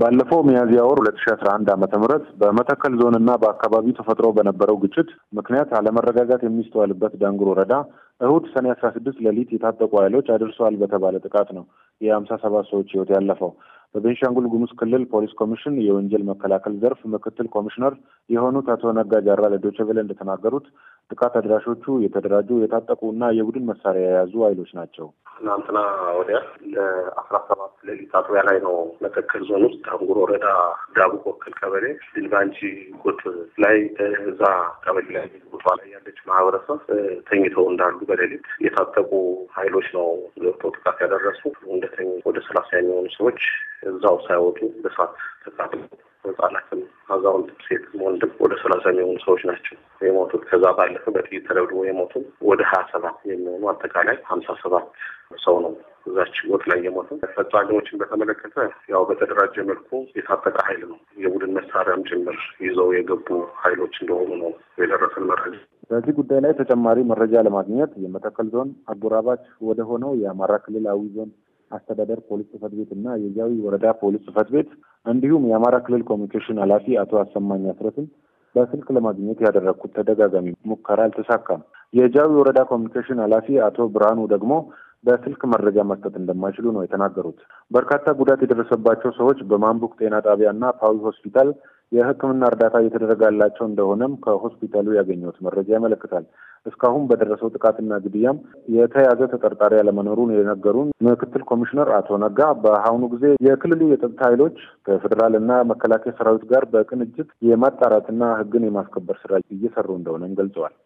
ባለፈው ሚያዝያ ወር ሁለት ሺ አስራ አንድ ዓመተ ምህረት በመተከል ዞን እና በአካባቢው ተፈጥሮ በነበረው ግጭት ምክንያት አለመረጋጋት የሚስተዋልበት ዳንጉር ወረዳ እሁድ ሰኔ አስራ ስድስት ሌሊት የታጠቁ ኃይሎች አድርሰዋል በተባለ ጥቃት ነው የሀምሳ ሰባት ሰዎች ህይወት ያለፈው። በቤንሻንጉል ጉሙዝ ክልል ፖሊስ ኮሚሽን የወንጀል መከላከል ዘርፍ ምክትል ኮሚሽነር የሆኑት አቶ ነጋ ጃራ ለዶይቼ እንደተናገሩት ጥቃት አድራሾቹ የተደራጁ የታጠቁ እና የቡድን መሳሪያ የያዙ ኃይሎች ናቸው። ትናንትና ወዲያ ለአስራ ሰባት ሌሊት አጥቢያ ላይ ነው መተከል ዞን ውስጥ አንጉር ወረዳ ዳቡ ኮክል ቀበሌ ድልባንቺ ጉት ላይ እዛ ቀበሌ ላይ ጉቷ ላይ ያለች ማህበረሰብ ተኝተው እንዳሉ በሌሊት የታጠቁ ኃይሎች ነው ገብቶ ጥቃት ያደረሱ። እንደተኙ ወደ ሰላሳ የሚሆኑ ሰዎች እዛው ሳይወጡ በሳት ተቃጥሎ ህጻናትም አዛውንት፣ ሴትም ወንድም ወደ ሰላሳ የሚሆኑ ሰዎች ናቸው የሞቱት። ከዛ ባለፈ በጥይት ተደብድቦ የሞቱም ወደ ሀያ ሰባት የሚሆኑ አጠቃላይ ሀምሳ ሰባት ሰው ነው እዛች ወቅት ላይ የሞተው። ፈጻሚዎችን በተመለከተ ያው በተደራጀ መልኩ የታጠቀ ኃይል ነው የቡድን መሳሪያም ጭምር ይዘው የገቡ ሀይሎች እንደሆኑ ነው የደረሰን መረጃ። በዚህ ጉዳይ ላይ ተጨማሪ መረጃ ለማግኘት የመተከል ዞን አጎራባች ወደ ሆነው የአማራ ክልላዊ ዞን አስተዳደር ፖሊስ ጽፈት ቤት እና የጃዊ ወረዳ ፖሊስ ጽፈት ቤት እንዲሁም የአማራ ክልል ኮሚኒኬሽን ኃላፊ አቶ አሰማኝ አስረትን በስልክ ለማግኘት ያደረግኩት ተደጋጋሚ ሙከራ አልተሳካም። የጃዊ ወረዳ ኮሚኒኬሽን ኃላፊ አቶ ብርሃኑ ደግሞ በስልክ መረጃ መስጠት እንደማይችሉ ነው የተናገሩት። በርካታ ጉዳት የደረሰባቸው ሰዎች በማንቡክ ጤና ጣቢያና ፓዊ ሆስፒታል የሕክምና እርዳታ እየተደረጋላቸው እንደሆነም ከሆስፒታሉ ያገኘሁት መረጃ ያመለክታል። እስካሁን በደረሰው ጥቃትና ግድያም የተያዘ ተጠርጣሪ ያለመኖሩን የነገሩን ምክትል ኮሚሽነር አቶ ነጋ በአሁኑ ጊዜ የክልሉ የጸጥታ ኃይሎች ከፌዴራል እና መከላከያ ሰራዊት ጋር በቅንጅት የማጣራትና ሕግን የማስከበር ስራ እየሰሩ እንደሆነም ገልጸዋል።